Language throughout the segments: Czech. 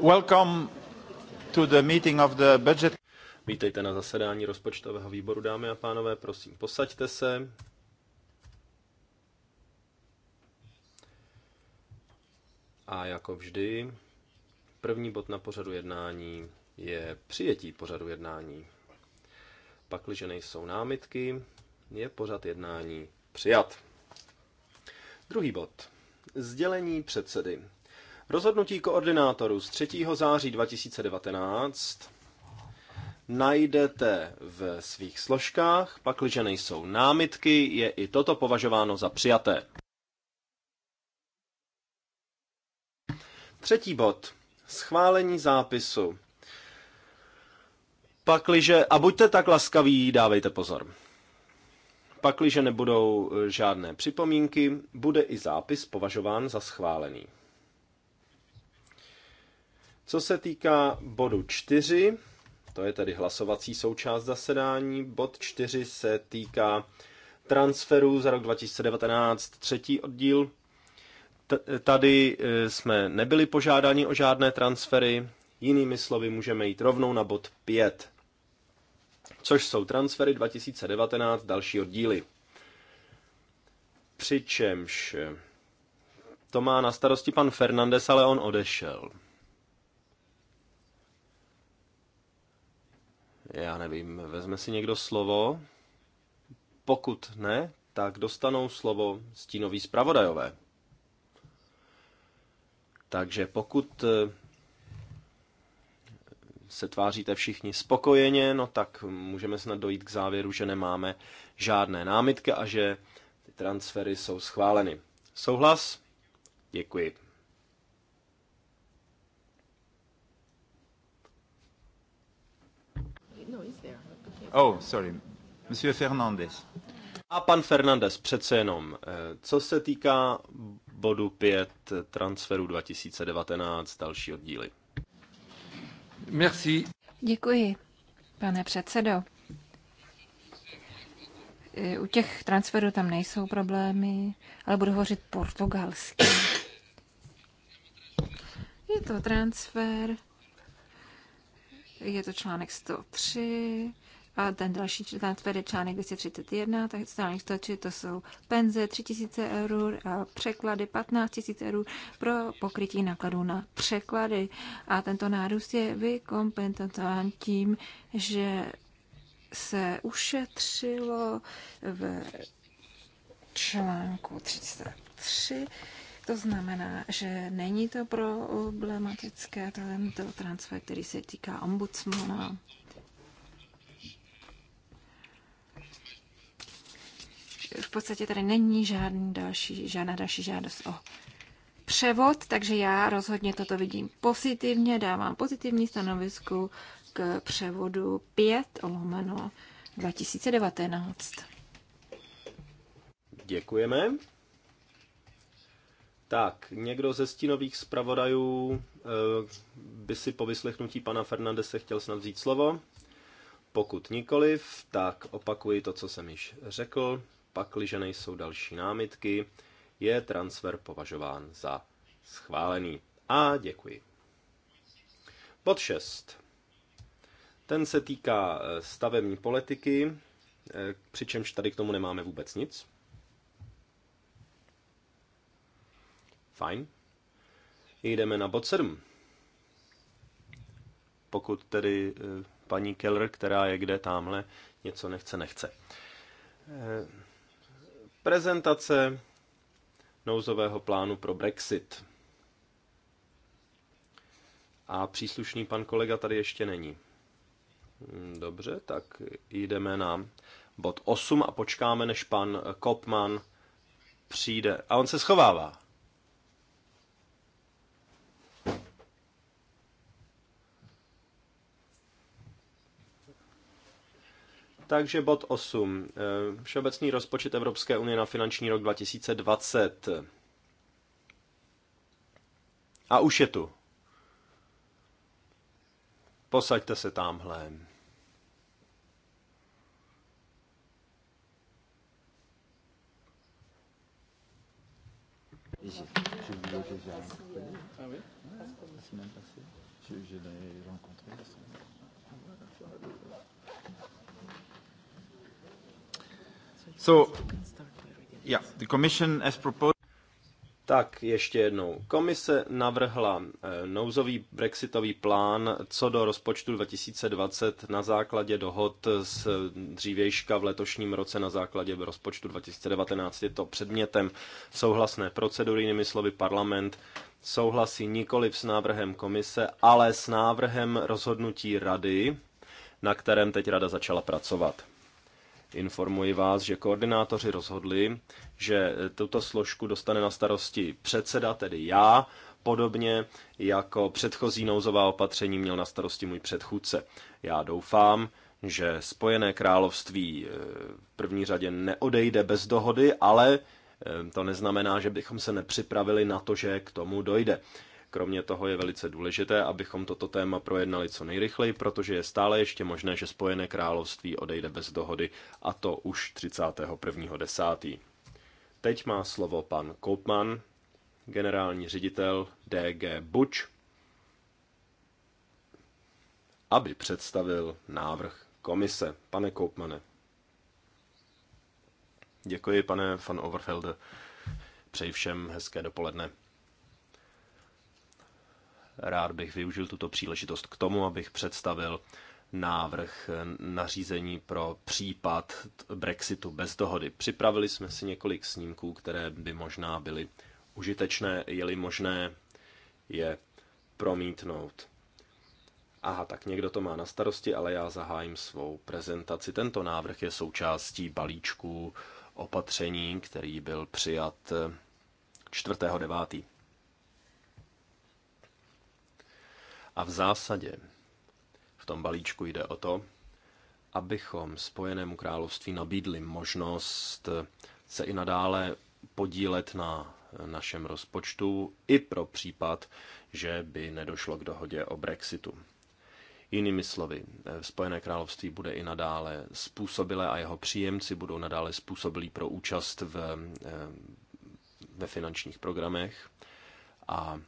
Welcome to the meeting of the budget. Vítejte na zasedání rozpočtového výboru, dámy a pánové, prosím, posaďte se. A jako vždy, první bod na pořadu jednání je přijetí pořadu jednání. Pakliže nejsou námitky, je pořad jednání přijat. Druhý bod. Sdělení předsedy. Rozhodnutí koordinátorů z 3. září 2019 najdete v svých složkách, pakliže nejsou námitky, je i toto považováno za přijaté. Třetí bod. Schválení zápisu. Pakliže, a buďte tak laskaví, dávejte pozor. Pakliže nebudou eh, žádné připomínky, bude i zápis považován za schválený. Co se týká bodu 4, to je tedy hlasovací součást zasedání, bod 4 se týká transferů za rok 2019, třetí oddíl. Tady e, jsme nebyli požádáni o žádné transfery, jinými slovy můžeme jít rovnou na bod 5, což jsou transfery 2019, další oddíly. Přičemž e, to má na starosti pan Fernandez, ale on odešel. Já nevím, vezme si někdo slovo? Pokud ne, tak dostanou slovo stínoví zpravodajové. Takže pokud eh, se tváříte všichni spokojeně, no tak můžeme snad dojít k závěru, že nemáme žádné námitky a že ty transfery jsou schváleny. Souhlas? Děkuji. Oh, sorry. Monsieur Fernandez. A pan Fernandez, přece jenom, eh, co se týká bodu 5 eh, transferu 2019, další oddíly. Merci. Děkuji, pane předsedo. Eh, u těch transferů tam nejsou problémy, ale budu hovořit portugalsky. Je to transfer, je to článek 103, a ten další transfer tedy článek 231, tak článek to jsou penze 3000 eur a překlady 15 000 eur pro pokrytí nákladů na překlady. A tento nárůst je vykompenzován tím, že se ušetřilo v článku 33 to znamená, že není to problematické tento transfer, který se týká ombudsmana. v podstatě tady není žádný další, žádná další žádost o převod, takže já rozhodně toto vidím pozitivně, dávám pozitivní stanovisku k převodu 5 lomeno 2019. Děkujeme. Tak, někdo ze stínových zpravodajů eh, by si po vyslechnutí pana Fernandese chtěl snad vzít slovo. Pokud nikoliv, tak opakuji to, co jsem již řekl. Pakliže nejsou další námitky, je transfer považován za schválený. A děkuji. Bod 6. Ten se týká eh, stavební politiky, eh, přičemž tady k tomu nemáme vůbec nic. Fajn. Jdeme na bod 7. Pokud tedy eh, paní Keller, která je kde tamhle, něco nechce, nechce. Prezentace nouzového plánu pro Brexit. A příslušný pan kolega tady ještě není. Hmm, dobře, tak jdeme na bod 8 a počkáme, než pan Kopman přijde. A on se schovává. Takže bod 8. Eh, Všeobecný rozpočet Evropské unie na finanční rok 2020. A už je tu. Posaďte se tamhle. Je Je, je So, yeah, the commission proposed... Tak ještě jednou. Komise navrhla eh, nouzový brexitový plán co do rozpočtu 2020 na základě dohod z dřívějška v letošním roce na základě rozpočtu 2019. Je to předmětem souhlasné procedury, jinými slovy parlament souhlasí nikoli s návrhem komise, ale s návrhem rozhodnutí rady, na kterém teď rada začala pracovat. Informuji vás, že koordinátoři rozhodli, že tuto složku dostane na starosti předseda, tedy já, podobně jako předchozí nouzová opatření měl na starosti můj předchůdce. Já doufám, že Spojené království eh, v první řadě neodejde bez dohody, ale eh, to neznamená, že bychom se nepřipravili na to, že k tomu dojde. Kromě toho je velice důležité, abychom toto téma projednali co nejrychleji, protože je stále ještě možné, že Spojené království odejde bez dohody, a to už 31.10. Teď má slovo pan Koupman, generální ředitel DG Buč, aby představil návrh komise. Pane Koupmane. Děkuji, pane van Overfelde. Přeji všem hezké dopoledne. Rád bych využil tuto příležitost k tomu, abych představil návrh nařízení pro případ Brexitu bez dohody. Připravili jsme si několik snímků, které by možná byly užitečné, je-li možné je promítnout. Aha, tak někdo to má na starosti, ale já zahájím svou prezentaci. Tento návrh je součástí balíčku opatření, který byl přijat 9. A v zásadě v tom balíčku jde o to, abychom Spojenému království nabídli možnost se i nadále podílet na našem rozpočtu i pro případ, že by nedošlo k dohodě o Brexitu. Jinými slovy, Spojené království bude i nadále způsobilé a jeho příjemci budou nadále způsobilí pro účast v, eh, ve finančních programech a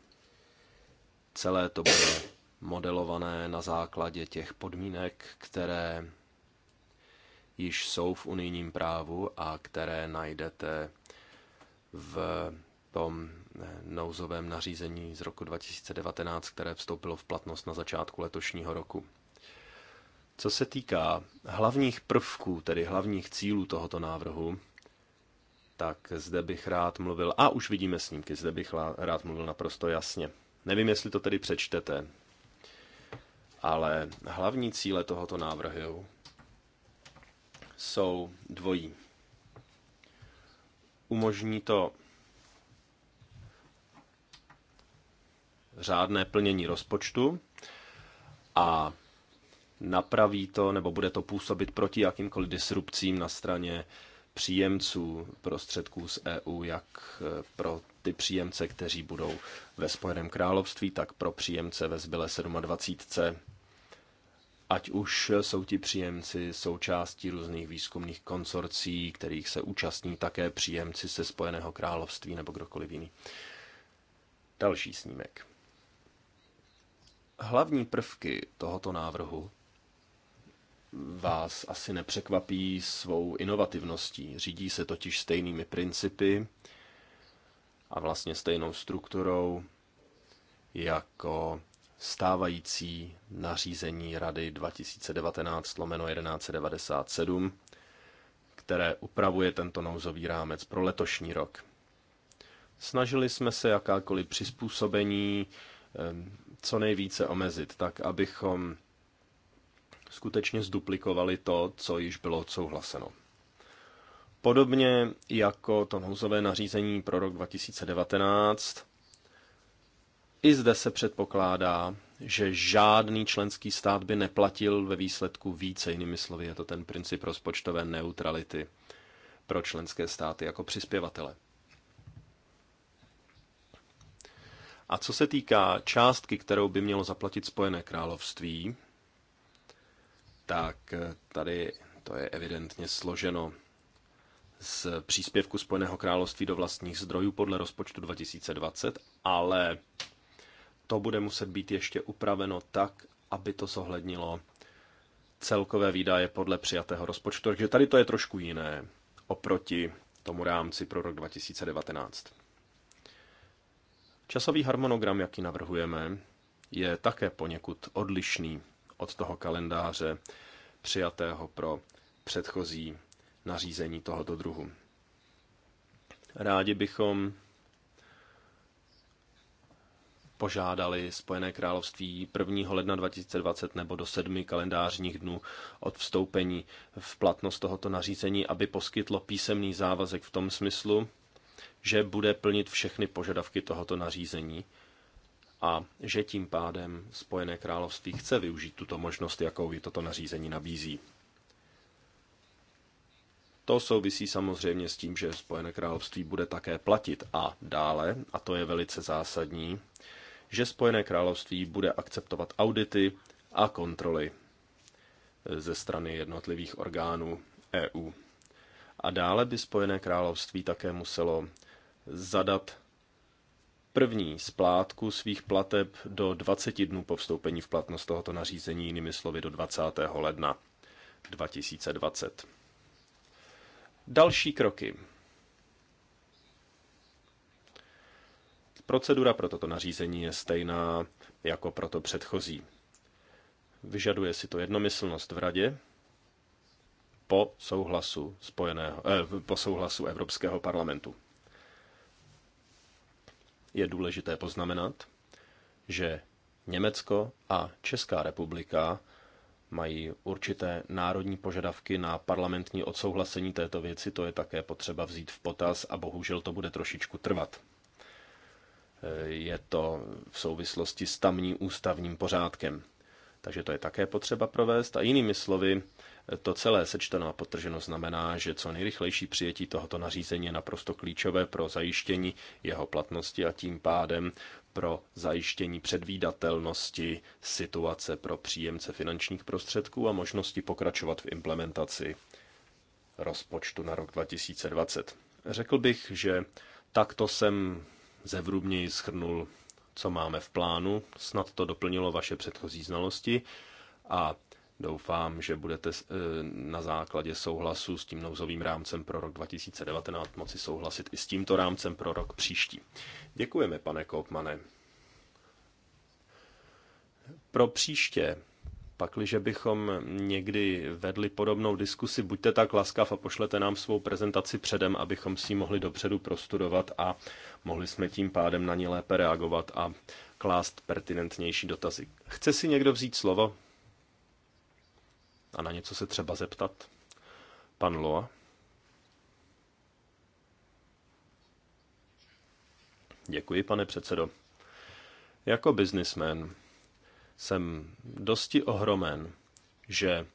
celé to bude modelované na základě těch podmínek, které již jsou v unijním právu a které najdete v tom eh, nouzovém nařízení z roku 2019, které vstoupilo v platnost na začátku letošního roku. Co se týká hlavních prvků, tedy hlavních cílů tohoto návrhu, tak zde bych rád mluvil, a už vidíme snímky, zde bych rád mluvil naprosto jasně. Nevím, jestli to tedy přečtete ale hlavní cíle tohoto návrhu jsou dvojí. Umožní to řádné plnění rozpočtu a napraví to nebo bude to působit proti jakýmkoliv disrupcím na straně příjemců prostředků z EU, jak pro ty příjemce, kteří budou ve Spojeném království, tak pro příjemce ve zbylé 27 ať už jsou ti příjemci součástí různých výzkumných konsorcí, kterých se účastní také příjemci se Spojeného království nebo kdokoliv jiný. Další snímek. Hlavní prvky tohoto návrhu vás asi nepřekvapí svou inovativností. Řídí se totiž stejnými principy a vlastně stejnou strukturou jako stávající nařízení Rady 2019 lomeno 1197, které upravuje tento nouzový rámec pro letošní rok. Snažili jsme se jakákoliv přizpůsobení ehm, co nejvíce omezit, tak abychom skutečně zduplikovali to, co již bylo odsouhlaseno. Podobně jako to nouzové nařízení pro rok 2019, i zde se předpokládá, že žádný členský stát by neplatil ve výsledku více, jinými slovy, je to ten princip rozpočtové neutrality pro členské státy jako přispěvatele. A co se týká částky, kterou by mělo zaplatit Spojené království, tak tady to je evidentně složeno z příspěvku Spojeného království do vlastních zdrojů podle rozpočtu 2020, ale to bude muset být ještě upraveno tak, aby to zohlednilo celkové výdaje podle přijatého rozpočtu. Takže tady to je trošku jiné oproti tomu rámci pro rok 2019. Časový harmonogram, jaký navrhujeme, je také poněkud odlišný od toho kalendáře přijatého pro předchozí nařízení tohoto druhu. Rádi bychom požádali Spojené království 1. ledna 2020 nebo do sedmi kalendářních dnů od vstoupení v platnost tohoto nařízení, aby poskytlo písemný závazek v tom smyslu, že bude plnit všechny požadavky tohoto nařízení a že tím pádem Spojené království chce využít tuto možnost, jakou ji toto nařízení nabízí. To souvisí samozřejmě s tím, že Spojené království bude také platit a dále, a to je velice zásadní, že Spojené království bude akceptovat audity a kontroly ze strany jednotlivých orgánů EU. A dále by Spojené království také muselo zadat první splátku svých plateb do 20 dnů po vstoupení v platnost tohoto nařízení, jinými slovy do 20. ledna 2020. Další kroky. Procedura pro toto nařízení je stejná jako pro to předchozí. Vyžaduje si to jednomyslnost v radě po souhlasu, spojeného, eh, po souhlasu Evropského parlamentu. Je důležité poznamenat, že Německo a Česká republika mají určité národní požadavky na parlamentní odsouhlasení této věci, to je také potřeba vzít v potaz a bohužel to bude trošičku trvat je to v souvislosti s tamním ústavním pořádkem. Takže to je také potřeba provést. A jinými slovy, to celé sečteno a potrženo znamená, že co nejrychlejší přijetí tohoto nařízení je naprosto klíčové pro zajištění jeho platnosti a tím pádem pro zajištění předvídatelnosti situace pro příjemce finančních prostředků a možnosti pokračovat v implementaci rozpočtu na rok 2020. Řekl bych, že takto jsem zevrubněji schrnul, co máme v plánu. Snad to doplnilo vaše předchozí znalosti a doufám, že budete eh, na základě souhlasu s tím nouzovým rámcem pro rok 2019 moci souhlasit i s tímto rámcem pro rok příští. Děkujeme, pane Koopmane. Pro příště pakliže bychom někdy vedli podobnou diskusi, buďte tak laskav a pošlete nám svou prezentaci předem, abychom si ji mohli dopředu prostudovat a mohli jsme tím pádem na ní lépe reagovat a klást pertinentnější dotazy. Chce si někdo vzít slovo a na něco se třeba zeptat? Pan Loa? Děkuji, pane předsedo. Jako biznismen jsem dosti ohromen, že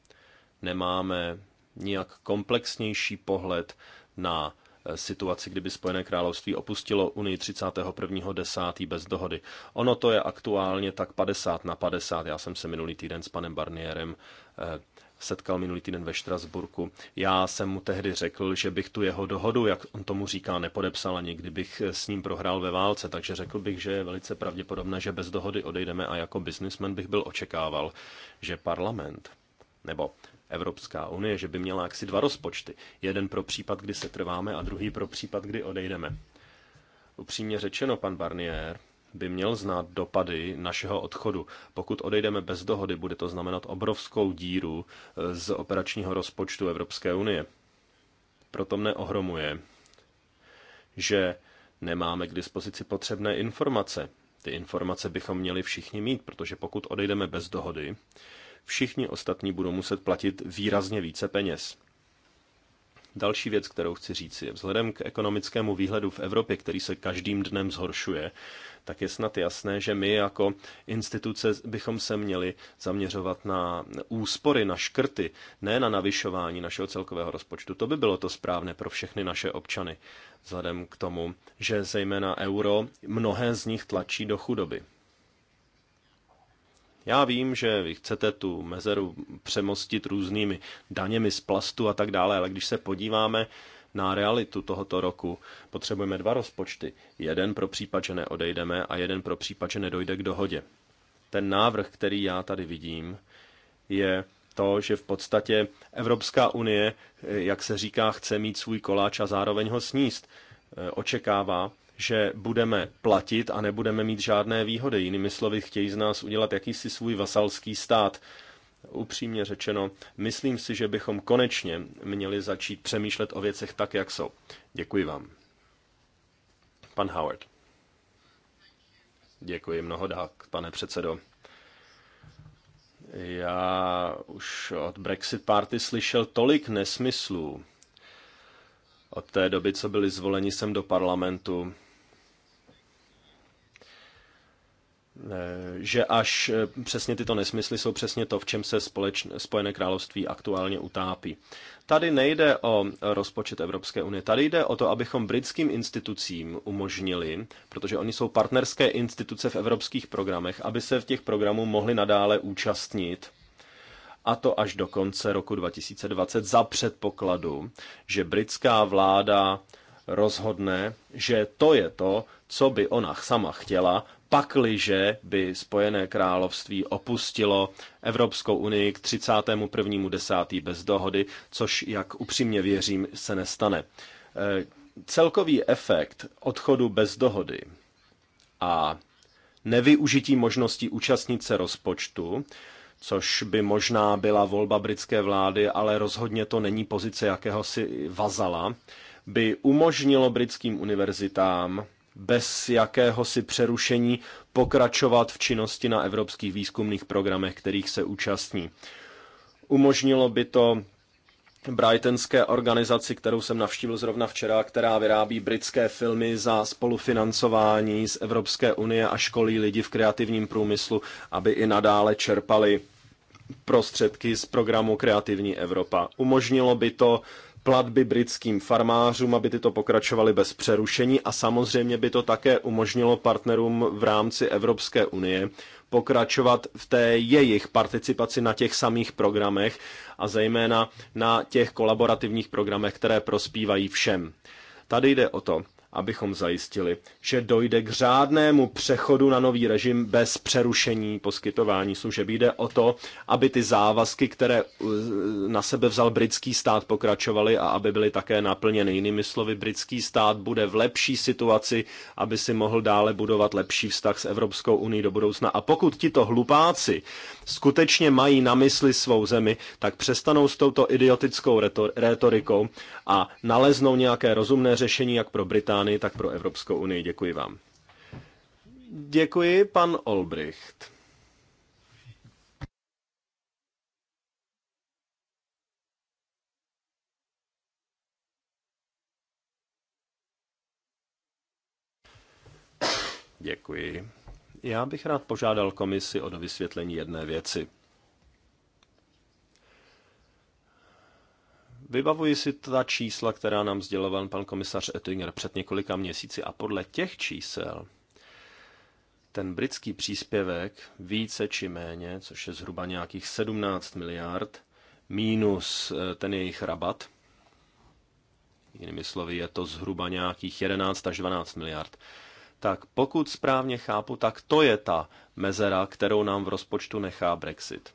nemáme nijak komplexnější pohled na eh, situaci, kdyby Spojené království opustilo Unii 31.10. bez dohody. Ono to je aktuálně tak 50 na 50. Já jsem se minulý týden s panem Barnierem eh, setkal minulý týden ve Štrasburku. Já jsem mu tehdy řekl, že bych tu jeho dohodu, jak on tomu říká, nepodepsal a kdybych bych s ním prohrál ve válce, takže řekl bych, že je velice pravděpodobné, že bez dohody odejdeme a jako biznismen bych byl očekával, že parlament nebo Evropská unie, že by měla jaksi dva rozpočty. Jeden pro případ, kdy se trváme a druhý pro případ, kdy odejdeme. Upřímně řečeno, pan Barnier, by měl znát dopady našeho odchodu. Pokud odejdeme bez dohody, bude to znamenat obrovskou díru eh, z operačního rozpočtu Evropské unie. Proto mne ohromuje, že nemáme k dispozici potřebné informace. Ty informace bychom měli všichni mít, protože pokud odejdeme bez dohody, všichni ostatní budou muset platit výrazně více peněz. Další věc, kterou chci říct, je vzhledem k ekonomickému výhledu v Evropě, který se každým dnem zhoršuje, tak je snad jasné, že my jako instituce bychom se měli zaměřovat na úspory, na škrty, ne na navyšování našeho celkového rozpočtu. To by bylo to správné pro všechny naše občany, vzhledem k tomu, že zejména euro mnohé z nich tlačí do chudoby. Já vím, že vy chcete tu mezeru přemostit různými daněmi z plastu a tak dále, ale když se podíváme na realitu tohoto roku, potřebujeme dva rozpočty. Jeden pro případ, že neodejdeme a jeden pro případ, že nedojde k dohodě. Ten návrh, který já tady vidím, je to, že v podstatě Evropská unie, jak se říká, chce mít svůj koláč a zároveň ho sníst. E, očekává, že budeme platit a nebudeme mít žádné výhody. Jinými slovy, chtějí z nás udělat jakýsi svůj vasalský stát. Upřímně řečeno, myslím si, že bychom konečně měli začít přemýšlet o věcech tak, jak jsou. Děkuji vám. Pan Howard. Děkuji mnohokrát, pane předsedo. Já už od Brexit Party slyšel tolik nesmyslů. Od té doby, co byli zvoleni sem do parlamentu, Eh, že až eh, přesně tyto nesmysly jsou přesně to, v čem se společn- Spojené království aktuálně utápí. Tady nejde o rozpočet Evropské unie, tady jde o to, abychom britským institucím umožnili, protože oni jsou partnerské instituce v evropských programech, aby se v těch programů mohli nadále účastnit a to až do konce roku 2020 za předpokladu, že britská vláda rozhodne, že to je to, co by ona sama chtěla pakliže by Spojené království opustilo Evropskou unii k 31.10. bez dohody, což, jak upřímně věřím, se nestane. Eh, celkový efekt odchodu bez dohody a nevyužití možností účastnit se rozpočtu, což by možná byla volba britské vlády, ale rozhodně to není pozice jakéhosi vazala, by umožnilo britským univerzitám bez jakéhosi přerušení pokračovat v činnosti na evropských výzkumných programech, kterých se účastní. Umožnilo by to brightonské organizaci, kterou jsem navštívil zrovna včera, která vyrábí britské filmy za spolufinancování z Evropské unie a školí lidi v kreativním průmyslu, aby i nadále čerpali prostředky z programu Kreativní Evropa. Umožnilo by to platby britským farmářům, aby tyto pokračovaly bez přerušení a samozřejmě by to také umožnilo partnerům v rámci Evropské unie pokračovat v té jejich participaci na těch samých programech a zejména na těch kolaborativních programech, které prospívají všem. Tady jde o to, abychom zajistili, že dojde k řádnému přechodu na nový režim bez přerušení poskytování služeb. Jde o to, aby ty závazky, které uh, na sebe vzal britský stát, pokračovaly a aby byly také naplněny. Jinými slovy, britský stát bude v lepší situaci, aby si mohl dále budovat lepší vztah s Evropskou unii do budoucna. A pokud tito hlupáci skutečně mají na mysli svou zemi, tak přestanou s touto idiotickou retorikou a naleznou nějaké rozumné řešení jak pro Británii, Británii, tak pro Evropskou unii. Děkuji vám. Děkuji, pan Olbricht. Děkuji. Já bych rád požádal komisi o dovysvětlení jedné věci. Vybavuji si ta čísla, která nám sděloval pan komisař Ettinger před několika měsíci a podle těch čísel ten britský příspěvek více či méně, což je zhruba nějakých 17 miliard, minus eh, ten jejich rabat, jinými slovy je to zhruba nějakých 11 až 12 miliard, tak pokud správně chápu, tak to je ta mezera, kterou nám v rozpočtu nechá Brexit.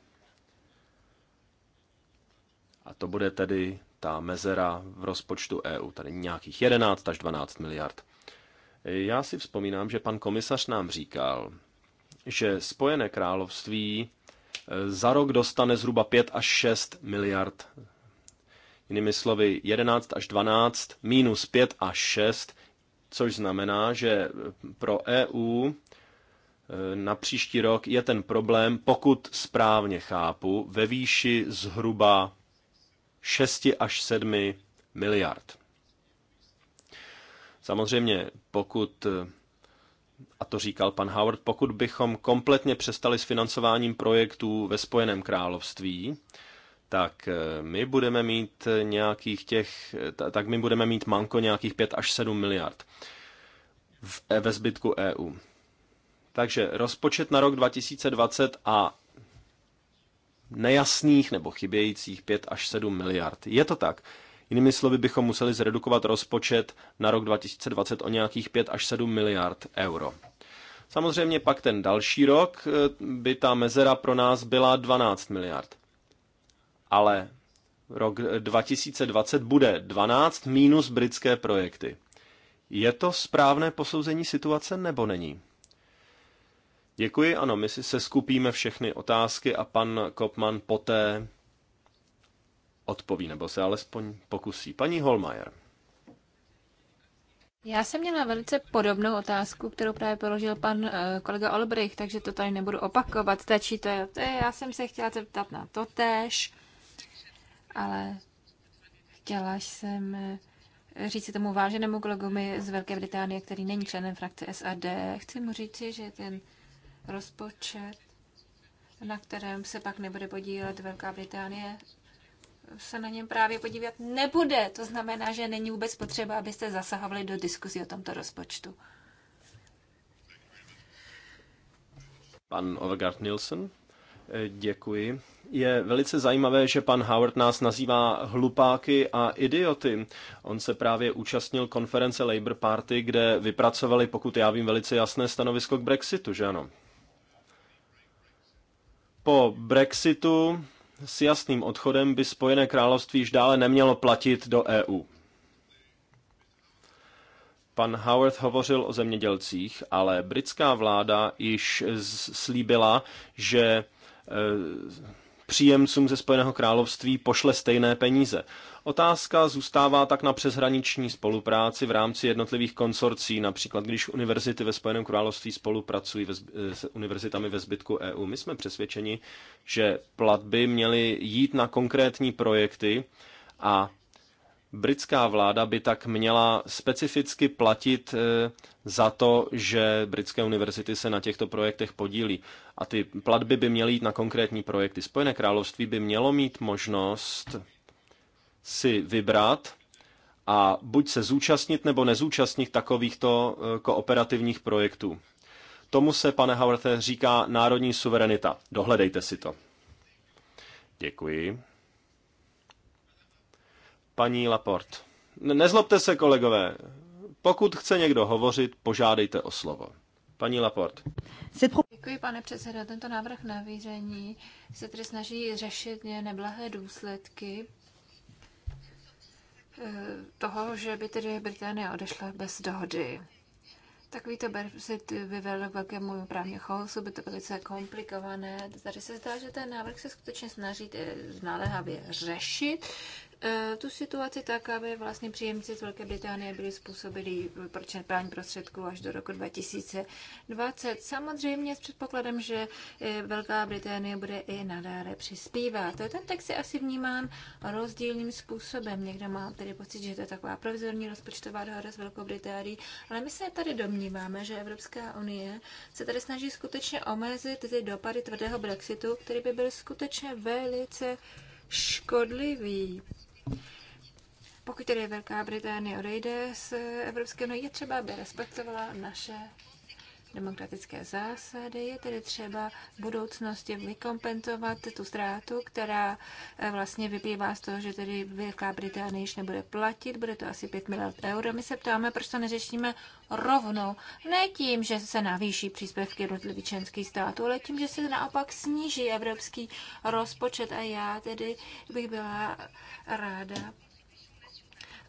A to bude tedy ta mezera v rozpočtu EU, tady nějakých 11 až 12 miliard. Já si vzpomínám, že pan komisař nám říkal, že Spojené království eh, za rok dostane zhruba 5 až 6 miliard. Jinými slovy, 11 až 12 minus 5 až 6, což znamená, že pro EU eh, na příští rok je ten problém, pokud správně chápu, ve výši zhruba 6 až 7 miliard. Samozřejmě, pokud, a to říkal pan Howard, pokud bychom kompletně přestali s financováním projektů ve Spojeném království, tak eh, my budeme mít nějakých těch, tak my budeme mít manko nějakých 5 až 7 miliard e, ve zbytku EU. Takže rozpočet na rok 2020 a nejasných nebo chybějících 5 až 7 miliard. Je to tak. Jinými slovy bychom museli zredukovat rozpočet na rok 2020 o nějakých 5 až 7 miliard euro. Samozřejmě pak ten další rok eh, by ta mezera pro nás byla 12 miliard. Ale rok 2020 bude 12 minus britské projekty. Je to správné posouzení situace nebo není? Děkuji, ano, my si seskupíme všechny otázky a pan Kopman poté odpoví, nebo se alespoň pokusí. Paní Holmajer. Já jsem měla velice podobnou otázku, kterou právě položil pan eh, kolega Olbrich, takže to tady nebudu opakovat. Stačí to, je, eh, Já jsem se chtěla zeptat na to tež, ale chtěla jsem eh, říct tomu váženému kolegovi z Velké Británie, který není členem frakce SAD. Chci mu říct, že ten rozpočet, na kterém se pak nebude podílet Velká Británie, se na něm právě podívat nebude. To znamená, že není vůbec potřeba, abyste zasahovali do diskuzí o tomto rozpočtu. Pan Overgaard Nielsen. Eh, děkuji. Je velice zajímavé, že pan Howard nás nazývá hlupáky a idioty. On se právě účastnil konference Labour Party, kde vypracovali, pokud já vím, velice jasné stanovisko k Brexitu, že ano? Po Brexitu s jasným odchodem by Spojené království již dále nemělo platit do EU. Pan Howard hovořil o zemědělcích, ale britská vláda již slíbila, že eh, příjemcům ze Spojeného království pošle stejné peníze. Otázka zůstává tak na přeshraniční spolupráci v rámci jednotlivých konsorcí, například když univerzity ve Spojeném království spolupracují ve, eh, s univerzitami ve zbytku EU. My jsme přesvědčeni, že platby měly jít na konkrétní projekty a Britská vláda by tak měla specificky platit eh, za to, že britské univerzity se na těchto projektech podílí. A ty platby by měly jít na konkrétní projekty. Spojené království by mělo mít možnost si vybrat a buď se zúčastnit nebo nezúčastnit takovýchto eh, kooperativních projektů. Tomu se, pane Howarthe, říká národní suverenita. Dohledejte si to. Děkuji paní Laporte. Nezlobte se, kolegové. Pokud chce někdo hovořit, požádejte o slovo. Paní Laporte. Děkuji, pane předseda. Tento návrh na výření se tedy snaží řešit neblahé důsledky eh, toho, že by tedy Británie odešla bez dohody. Takovýto Brexit vyvedl k velkému právně chaosu, by to velice komplikované. Tady se zdá, že ten návrh se skutečně snaží eh, znalehavě řešit Eh, tu situaci tak, aby vlastně příjemci z Velké Británie byli způsobili pro čerpání prostředků až do roku 2020. Samozřejmě s předpokladem, že eh, Velká Británie bude i nadále přispívat. Ten text je asi vnímán rozdílným způsobem. Někdo má tedy pocit, že to je taková provizorní rozpočtová dohoda s Velkou Británií, ale my se tady domníváme, že Evropská unie se tady snaží skutečně omezit ty dopady tvrdého Brexitu, který by byl skutečně velice škodlivý pokud tedy Velká Británie odejde z Evropské unie, je třeba, aby respektovala naše demokratické zásady. Je tedy třeba v budoucnosti vykompenzovat tu ztrátu, která eh, vlastně vyplývá z toho, že tedy Velká Británie již nebude platit, bude to asi 5 miliard euro. My se ptáme, proč to neřešíme rovnou. Ne tím, že se navýší příspěvky jednotlivých členských států, ale tím, že se naopak sníží evropský rozpočet. A já tedy bych byla ráda,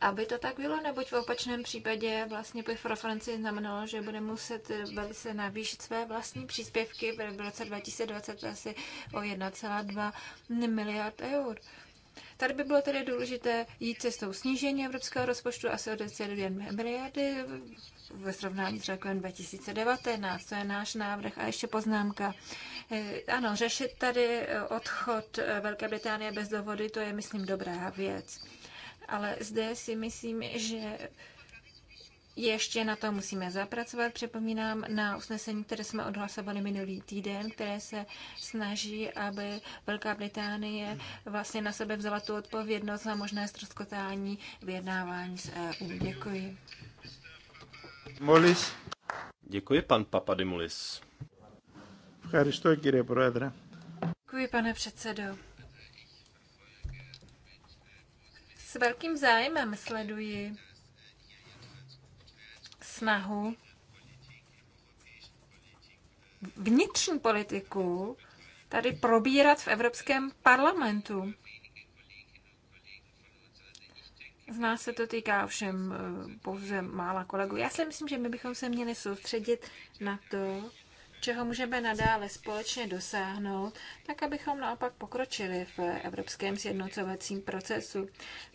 aby to tak bylo, neboť v opačném případě vlastně by pro Francii znamenalo, že bude muset velice navýšit své vlastní příspěvky v roce 2020 asi o 1,2 miliard eur. Tady by bylo tedy důležité jít cestou snížení evropského rozpočtu asi o 10,2 miliardy ve srovnání s rokem 2019. To je náš návrh. A ještě poznámka. Eh, ano, řešit tady eh, odchod eh, Velké Británie bez dohody, to je, myslím, dobrá věc ale zde si myslím, že ještě na to musíme zapracovat. Připomínám na usnesení, které jsme odhlasovali minulý týden, které se snaží, aby Velká Británie vlastně na sebe vzala tu odpovědnost za možné ztroskotání vyjednávání s EU. Děkuji. Molis. Děkuji, pan Papadimulis. Děkuji, pane předsedo. S velkým zájmem sleduji snahu vnitřní politiku tady probírat v Evropském parlamentu. Z nás se to týká všem eh, pouze mála kolegů. Já si myslím, že my bychom se měli soustředit na to, čeho můžeme nadále společně dosáhnout, tak abychom naopak pokročili v evropském sjednocovacím procesu.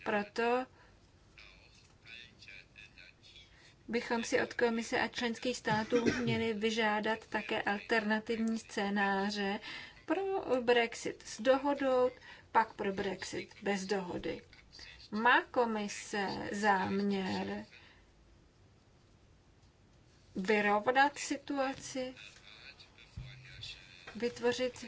Proto bychom si od komise a členských států měli vyžádat také alternativní scénáře pro Brexit s dohodou, pak pro Brexit bez dohody. Má komise záměr vyrovnat situaci? vytvořit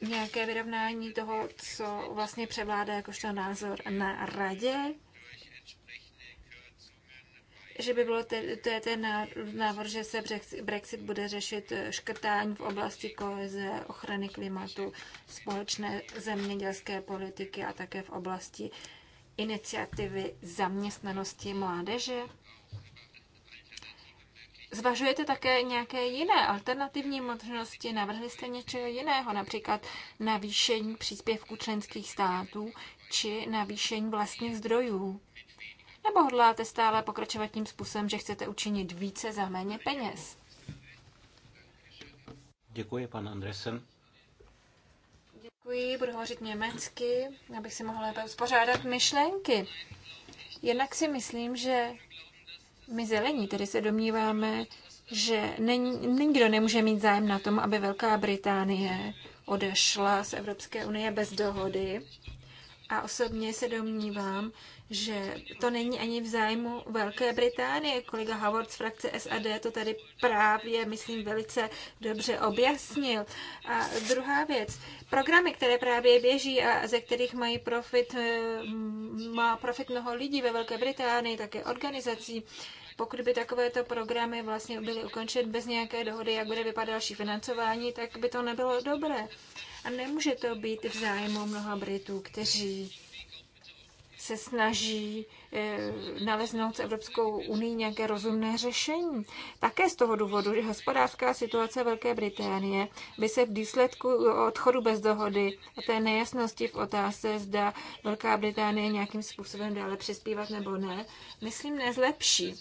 nějaké vyrovnání toho, co vlastně převládá jakožto názor na radě, že by bylo, te, to je ten návrh, že se Brexit bude řešit eh, škrtání v oblasti koheze, ochrany klimatu, společné zemědělské politiky a také v oblasti iniciativy zaměstnanosti mládeže. Zvažujete také nějaké jiné alternativní možnosti? Navrhli jste něčeho jiného, například navýšení příspěvku členských států či navýšení vlastních zdrojů? Nebo hodláte stále pokračovat tím způsobem, že chcete učinit více za méně peněz? Děkuji, pan Andresen. Děkuji, budu hovořit německy, abych si mohla lépe uspořádat myšlenky. Jednak si myslím, že my zelení tedy se domníváme, že nikdo nemůže mít zájem na tom, aby Velká Británie odešla z Evropské unie bez dohody. A osobně se domnívám, že to není ani v zájmu Velké Británie. Kolega Howard z frakce SAD to tady právě, myslím, velice dobře objasnil. A druhá věc, programy, které právě běží a ze kterých mají profit, eh, má profit mnoho lidí ve Velké Británii, také organizací, pokud by takovéto programy vlastně byly ukončeny bez nějaké dohody, jak bude vypadat další financování, tak by to nebylo dobré. A nemůže to být v zájmu mnoha Britů, kteří se snaží eh, naleznout s Evropskou unii nějaké rozumné řešení. Také z toho důvodu, že hospodářská situace Velké Británie by se v důsledku odchodu bez dohody a té nejasnosti v otázce, zda Velká Británie nějakým způsobem dále přispívat nebo ne, myslím nezlepší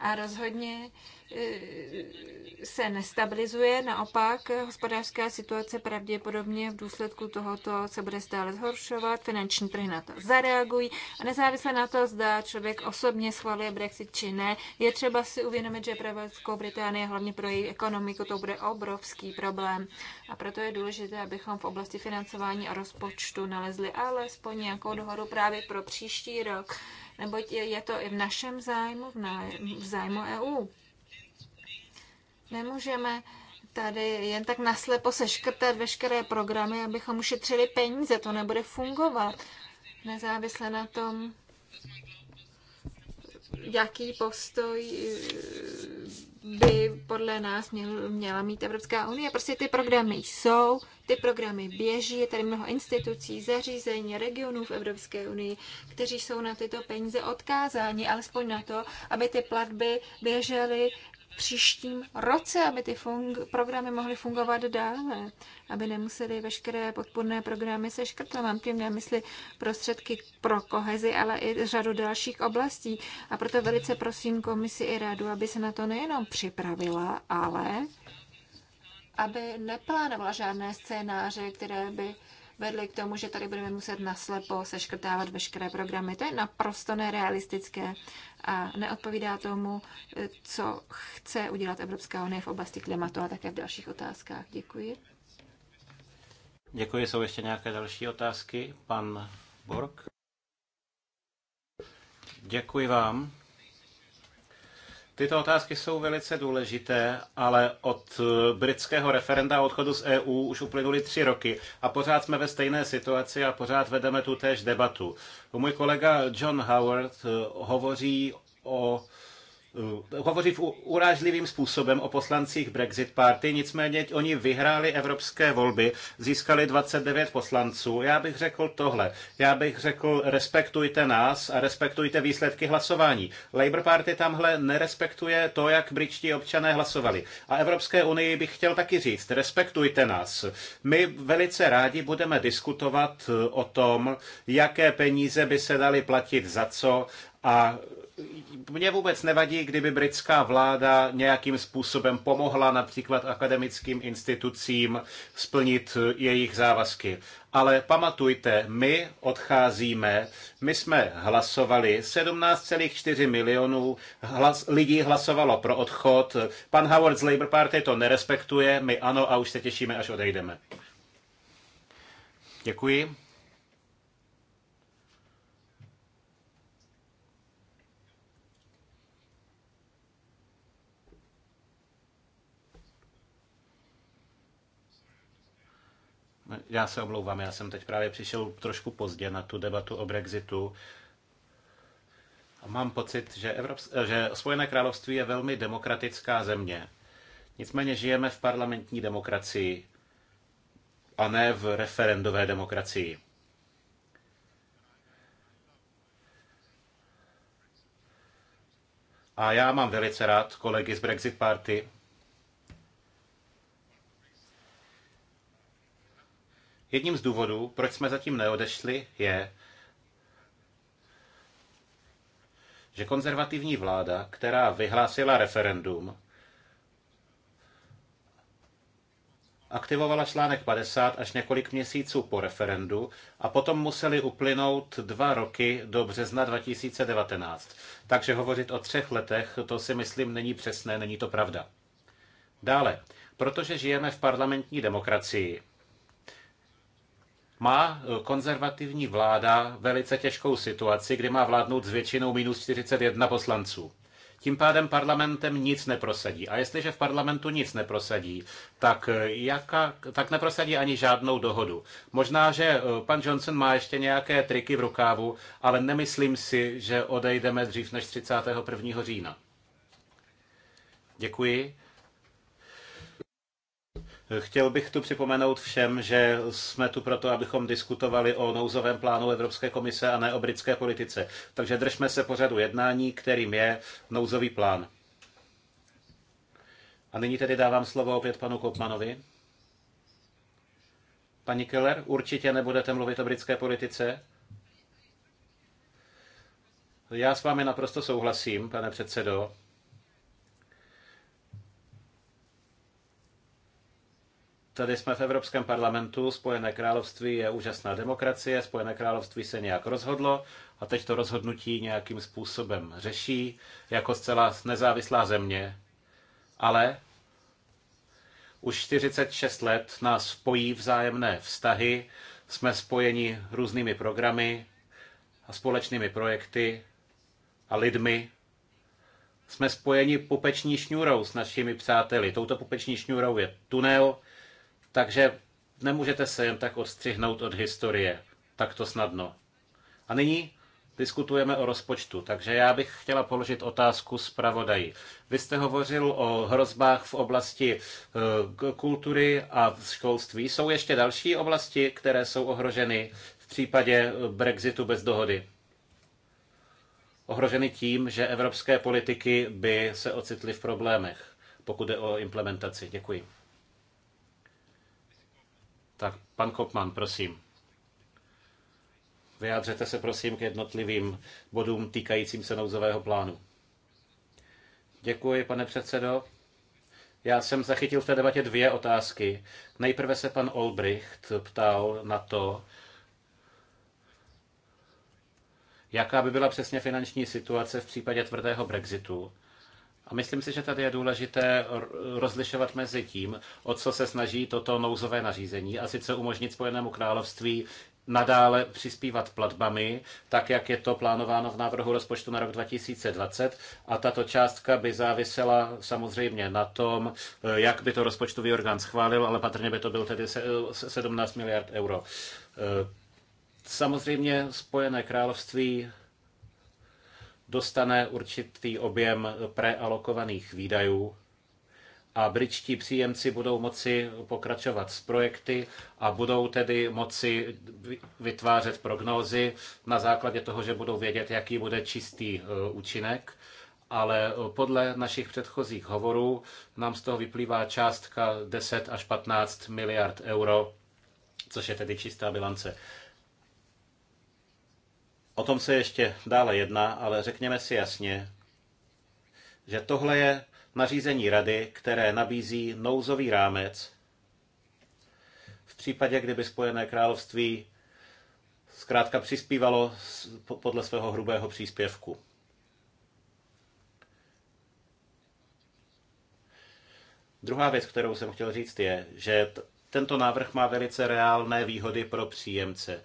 a rozhodně e, se nestabilizuje, naopak hospodářská situace pravděpodobně v důsledku tohoto se bude stále zhoršovat, finanční trhy na to zareagují a nezávisle na to, zda člověk osobně schvaluje Brexit či ne, je třeba si uvědomit, že pro Velkou Británii, hlavně pro její ekonomiku, to bude obrovský problém a proto je důležité, abychom v oblasti financování a rozpočtu nalezli alespoň nějakou dohodu právě pro příští rok neboť je to i v našem zájmu, v zájmu EU. Nemůžeme tady jen tak naslepo seškrtat veškeré programy, abychom ušetřili peníze. To nebude fungovat. Nezávisle na tom, jaký postoj eh, by podle nás měl, měla mít Evropská unie. Prostě ty programy jsou, ty programy běží, je tady mnoho institucí, zařízení, regionů v Evropské unii, kteří jsou na tyto peníze odkázáni, alespoň na to, aby ty platby běžely příštím roce, aby ty programy mohly fungovat dále, aby nemuseli veškeré podporné programy se škrtnout. Mám tím na mysli prostředky pro kohezi, ale i řadu dalších oblastí. A proto velice prosím komisi i radu, aby se na to nejenom připravila, ale aby neplánovala žádné scénáře, které by vedly k tomu, že tady budeme muset naslepo seškrtávat veškeré programy. To je naprosto nerealistické a neodpovídá tomu, eh, co chce udělat Evropská unie v oblasti klimatu a také v dalších otázkách. Děkuji. Děkuji. Jsou ještě nějaké další otázky? Pan Borg? Děkuji vám. Tyto otázky jsou velice důležité, ale od eh, britského referenda o odchodu z EU už uplynuly tři roky a pořád jsme ve stejné situaci a pořád vedeme tu též debatu. Můj kolega John Howard eh, hovoří o Eh, hovoří v urážlivým způsobem o poslancích Brexit Party, nicméně oni vyhráli evropské volby, získali 29 poslanců. Já bych řekl tohle. Já bych řekl, respektujte nás a respektujte výsledky hlasování. Labour Party tamhle nerespektuje to, jak britští občané hlasovali. A Evropské unii bych chtěl taky říct, respektujte nás. My velice rádi budeme diskutovat eh, o tom, jaké peníze by se daly platit za co a mně vůbec nevadí, kdyby britská vláda nějakým způsobem pomohla například akademickým institucím splnit jejich závazky. Ale pamatujte, my odcházíme, my jsme hlasovali, 17,4 milionů hlas, lidí hlasovalo pro odchod, pan Howard z Labour Party to nerespektuje, my ano a už se těšíme, až odejdeme. Děkuji. Já se omlouvám, já jsem teď právě přišel trošku pozdě na tu debatu o Brexitu. A mám pocit, že, Evrops- že Spojené království je velmi demokratická země. Nicméně žijeme v parlamentní demokracii a ne v referendové demokracii. A já mám velice rád kolegy z Brexit Party, Jedním z důvodů, proč jsme zatím neodešli, je, že konzervativní vláda, která vyhlásila referendum, aktivovala článek 50 až několik měsíců po referendu a potom museli uplynout dva roky do března 2019. Takže hovořit o třech letech, to si myslím není přesné, není to pravda. Dále, protože žijeme v parlamentní demokracii, má eh, konzervativní vláda velice těžkou situaci, kdy má vládnout s většinou minus 41 poslanců. Tím pádem parlamentem nic neprosadí. A jestliže v parlamentu nic neprosadí, tak, eh, jaka, tak neprosadí ani žádnou dohodu. Možná, že eh, pan Johnson má ještě nějaké triky v rukávu, ale nemyslím si, že odejdeme dřív než 31. října. Děkuji. Chtěl bych tu připomenout všem, že jsme tu proto, abychom diskutovali o nouzovém plánu Evropské komise a ne o britské politice. Takže držme se pořadu jednání, kterým je nouzový plán. A nyní tedy dávám slovo opět panu Kopmanovi. Paní Keller, určitě nebudete mluvit o britské politice? Já s vámi naprosto souhlasím, pane předsedo. Tady jsme v Evropském parlamentu, Spojené království je úžasná demokracie, Spojené království se nějak rozhodlo a teď to rozhodnutí nějakým způsobem řeší jako zcela nezávislá země. Ale už 46 let nás spojí vzájemné vztahy, jsme spojeni různými programy a společnými projekty a lidmi. Jsme spojeni pupeční šňůrou s našimi přáteli. Touto pupeční šňůrou je tunel, takže nemůžete se jen tak odstřihnout od historie. Tak to snadno. A nyní diskutujeme o rozpočtu, takže já bych chtěla položit otázku zpravodaji. Vy jste hovořil o hrozbách v oblasti e, kultury a školství. Jsou ještě další oblasti, které jsou ohroženy v případě e, Brexitu bez dohody? Ohroženy tím, že evropské politiky by se ocitly v problémech, pokud jde o implementaci. Děkuji. Tak pan Kopman, prosím. Vyjádřete se prosím k jednotlivým bodům týkajícím se nouzového plánu. Děkuji, pane předsedo. Já jsem zachytil v té debatě dvě otázky. Nejprve se pan Olbricht ptal na to, jaká by byla přesně finanční situace v případě tvrdého Brexitu. A myslím si, že tady je důležité rozlišovat mezi tím, o co se snaží toto nouzové nařízení, a sice umožnit Spojenému království nadále přispívat platbami, tak jak je to plánováno v návrhu rozpočtu na rok 2020. A tato částka by závisela samozřejmě na tom, eh, jak by to rozpočtový orgán schválil, ale patrně by to byl tedy 17 eh, miliard euro. Eh, samozřejmě Spojené království dostane určitý objem prealokovaných výdajů a britští příjemci budou moci pokračovat s projekty a budou tedy moci vytvářet prognózy na základě toho, že budou vědět, jaký bude čistý e, účinek. Ale e, podle našich předchozích hovorů nám z toho vyplývá částka 10 až 15 miliard euro, což je tedy čistá bilance. O tom se ještě dále jedná, ale řekněme si jasně, že tohle je nařízení rady, které nabízí nouzový rámec v případě, kdyby Spojené království zkrátka přispívalo podle svého hrubého příspěvku. Druhá věc, kterou jsem chtěl říct, je, že tento návrh má velice reálné výhody pro příjemce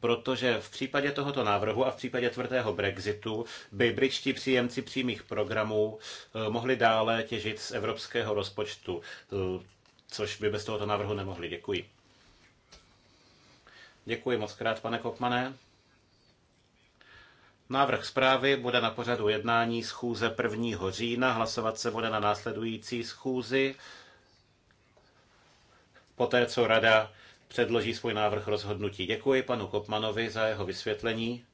protože v případě tohoto návrhu a v případě tvrdého Brexitu by britští příjemci přímých programů eh, mohli dále těžit z evropského rozpočtu, eh, což by bez tohoto návrhu nemohli. Děkuji. Děkuji moc krát, pane Kopmané. Návrh zprávy bude na pořadu jednání schůze 1. října, hlasovat se bude na následující schůzi, poté co rada předloží svůj návrh rozhodnutí. Děkuji panu Kopmanovi za jeho vysvětlení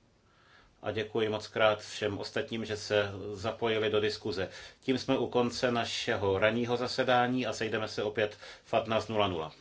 a děkuji moc krát všem ostatním, že se zapojili do diskuze. Tím jsme u konce našeho ranního zasedání a sejdeme se opět v 15.00.